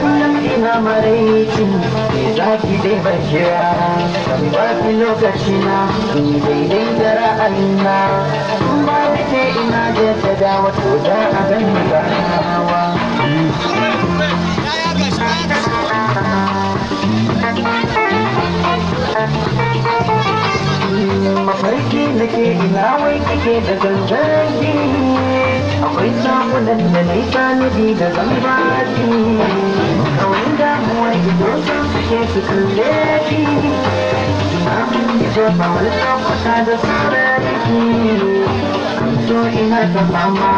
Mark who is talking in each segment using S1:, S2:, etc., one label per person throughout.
S1: kullum ina maraici zaki dai ban lokaci na daidai da ra'ayina in ba da ke ina jaddada wato a mafarki nake ina wai kike da gangan akwai samunan da na yi tanadi da zan baki kawai damuwa ido san suke su kalle ki abin da jefa wani tabbata da sarariki so ina ta fama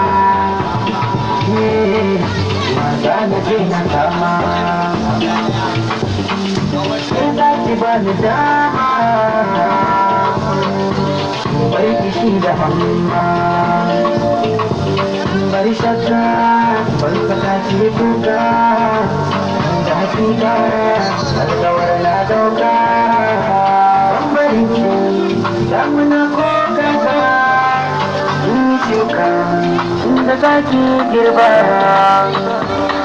S1: maza na je na kama sai za ki ba ni dama bai ishi da hamma shakka falsafa ce kuka da hakika alkawar na dauka bambarin ke damuna ko kasa in shuka zaki girba